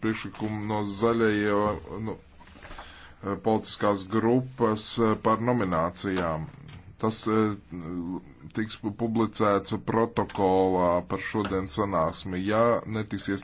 priekšlikumu no zaļajiem no, eh, politiskās grupas eh, par nominācijām. Tas eh, tiks publicēts protokolā par šodien sanāksmi. Ja netiks iesniegts